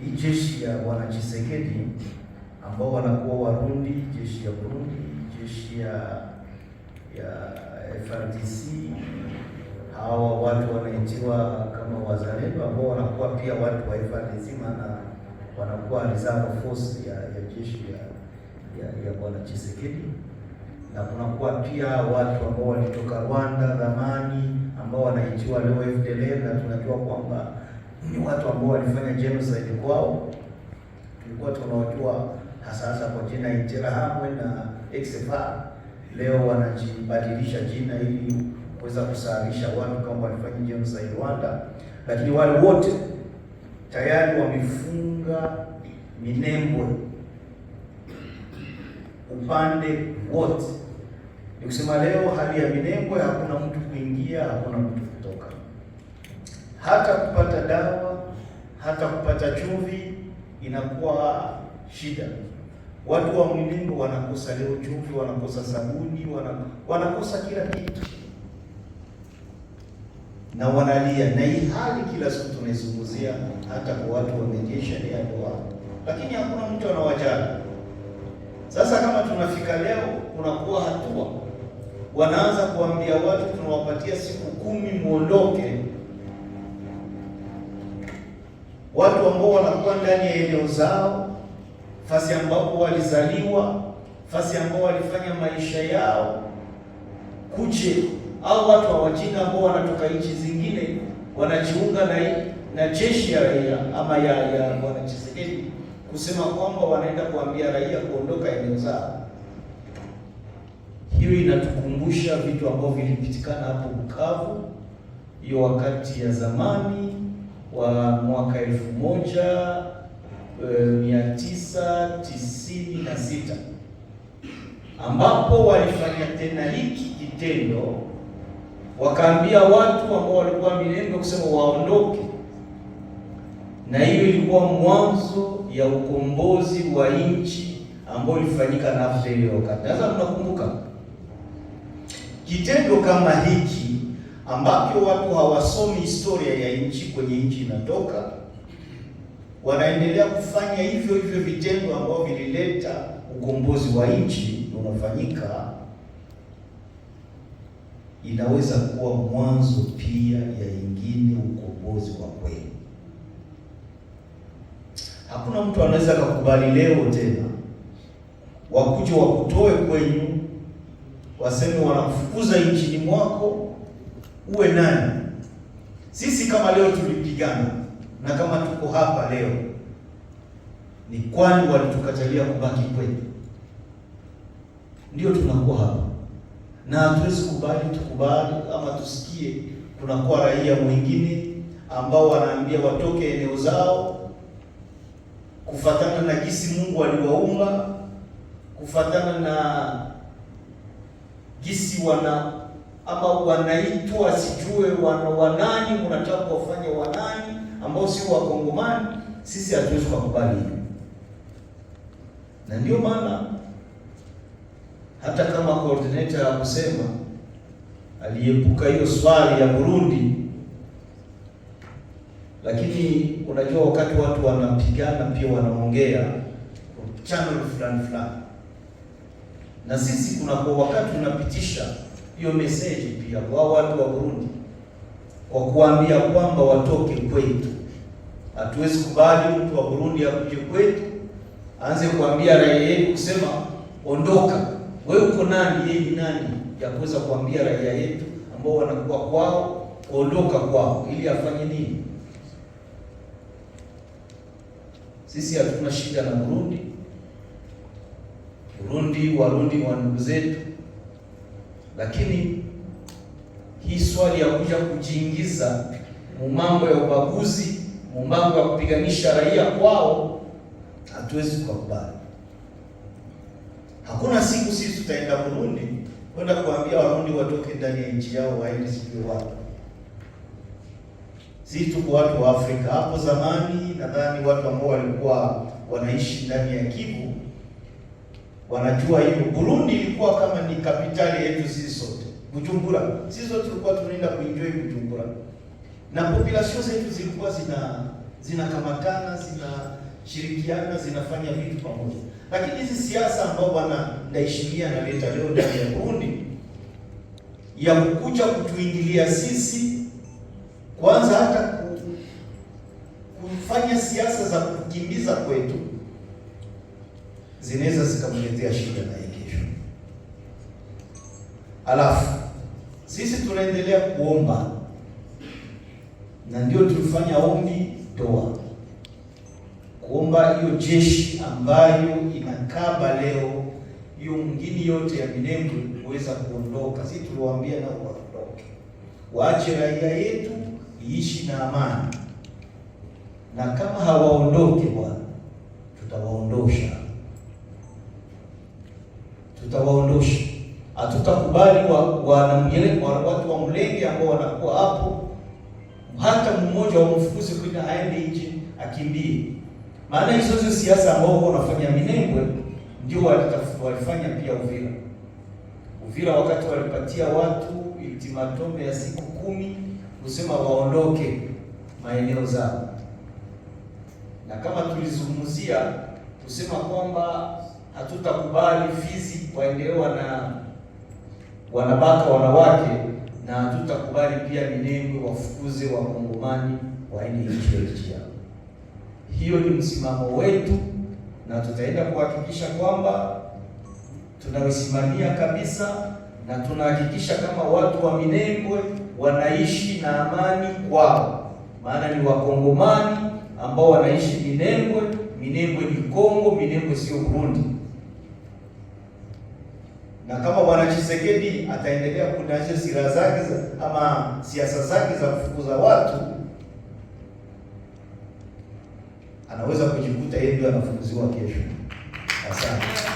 hii jeshi ya bwana Tshisekedi ambao wanakuwa Warundi, jeshi ya Burundi, jeshi ya ya FRDC, hawa watu wanaitiwa kama wazalendo ambao wanakuwa pia watu wa FRDC, maana wanakuwa reserve force ya, ya jeshi ya ya, ya bwana Tshisekedi, na kunakuwa pia watu ambao walitoka Rwanda zamani ambao wanaitiwa leo FDLR, e, na tunajua kwamba ni watu ambao walifanya genocide kwao, tulikuwa tunawajua hasa hasa kwa jina Interahamwe na XFR. Leo wanajibadilisha jina ili kuweza kusahilisha watu kama walifanya genocide Rwanda, lakini wale wote tayari wamefunga minembo upande wote. Ni kusema leo hali ya Minembwe hakuna mtu kuingia, hakuna mtu kutoka hata kupata dawa, hata kupata chumvi inakuwa shida. Watu wa Mwilingo wanakosa leo chumvi, wanakosa sabuni, wanakosa kila kitu na wanalia, na hii hali kila siku tunaizungumzia, hata kwa watu wamejesha nia lakini hakuna mtu anawajali. Sasa kama tunafika leo, kunakuwa hatua wanaanza kuambia watu tunawapatia siku kumi muondoke watu ambao wanakuwa ndani ya eneo zao, fasi ambapo walizaliwa, fasi ambao walifanya maisha yao, kuche au watu wa wajinga ambao wanatoka nchi zingine wanajiunga na na jeshi ya raia ama ya ya Bwana Tshisekedi kusema kwamba wanaenda kuambia raia kuondoka eneo zao. Hiyo inatukumbusha vitu ambavyo vilipitikana hapo Bukavu hiyo wakati ya zamani wa mwaka elfu moja eh, mia tisa tisini na sita ambapo walifanya tena hiki kitendo, wakaambia watu ambao walikuwa milengo kusema waondoke, na hiyo ilikuwa mwanzo ya ukombozi wa nchi ambao ilifanyika na hiyo wakati. Sasa tunakumbuka kitendo kama hiki ambapo watu hawasomi historia ya nchi kwenye nchi inatoka, wanaendelea kufanya hivyo hivyo vitendo ambavyo vilileta ukombozi wa nchi unafanyika, inaweza kuwa mwanzo pia ya ingine ukombozi wa kweli. Hakuna mtu anaweza kukubali leo tena wakuje wakutoe kwenyu, waseme wanamfukuza nchini mwako uwe nani? Sisi kama leo tulipigana na kama tuko hapa leo ni kwani walitukatalia kubaki kwetu? Ndio tunakuwa hapa, na hatuwezi kubali tukubali ama tusikie tunakuwa raia mwingine ambao wanaambia watoke eneo zao kufatana na gisi Mungu aliwaumba, kufatana na gisi wana ama wanaitwa sijue wana wanani, mnataka kuwafanya wanani ambao sio Wakongomani. Sisi hatuwezi kukubali hiyo, na ndio maana hata kama coordinator akusema aliepuka hiyo swali ya Burundi, lakini unajua wakati watu wanapigana pia wanaongea channel fulani fulani, na sisi kuna kwa wakati unapitisha hiyo meseji pia kwa watu wa Burundi kwa kuambia kwamba watoke kwetu. Hatuwezi kubali mtu wa Burundi akuje kwetu aanze kuambia raia yetu kusema ondoka, wewe uko nani, yeye ni nani, ya kuweza kuambia raia yetu ambao wanakuwa kwao ondoka kwao, ili afanye nini? Sisi hatuna shida na Burundi. Burundi, Warundi wa ndugu zetu lakini hii swali ya kuja kujiingiza mumambo ya ubaguzi, mumambo ya kupiganisha raia kwao, hatuwezi kukubali. Hakuna siku sisi tutaenda Burundi kwenda kuambia Warundi watoke ndani ya nchi yao waende sijui wapi. Sisi tuko watu wa Afrika. Hapo zamani nadhani watu ambao walikuwa wanaishi ndani ya Kivu wanajua hiyo Burundi ilikuwa kama ni kapitali yetu sisi sote, Bujumbura. Sisi sote tulikuwa tunaenda kuenjoy Bujumbura, na population zetu zilikuwa zina zinakamatana zinashirikiana zinafanya vitu pamoja, lakini hizi siasa ambao wana Ndayishimiye analeta leo ndani ya Burundi ya kukuja kutuingilia sisi kwanza, hata kufanya siasa za kukimbiza kwetu zinaweza zikamletea shida na kesho. Alafu sisi tunaendelea kuomba na ndio tulifanya ombi toa kuomba hiyo jeshi ambayo inakaba leo hiyo mwingine yote ya Minembwe kuweza kuondoka. Sisi tuliwaambia nao waondoke, waache raia yetu iishi na amani, na kama hawaondoke Bwana tutawaondosha tutawaondosha. Hatutakubali wa, wa, watu wa Mlenge ambao wanakuwa hapo, hata mmoja wamfukuze kwenda aende nje akimbie. Maana hizo hizo siasa ambao wanafanya Minembwe ndio walifanya pia Uvira. Uvira wakati walipatia watu ultimatum ya siku kumi kusema waondoke maeneo zao, na kama tulizungumzia kusema kwamba hatutakubali Fizi waendelee na wanabaka wanawake, na hatutakubali pia Minembwe wafukuze wakongomani waende nchi ya nchi yao. Hiyo ni msimamo wetu, na tutaenda kuhakikisha kwamba tunawisimamia kabisa, na tunahakikisha kama watu wa Minembwe wanaishi na amani kwao, maana ni wakongomani ambao wanaishi Minembwe. Minembwe ni Kongo, Minembwe sio Burundi na kama bwana Chisekedi ataendelea kuonyesha sira zake ama siasa zake za kufukuza watu, anaweza kujikuta yeye ndio anafukuziwa kesho. Asante.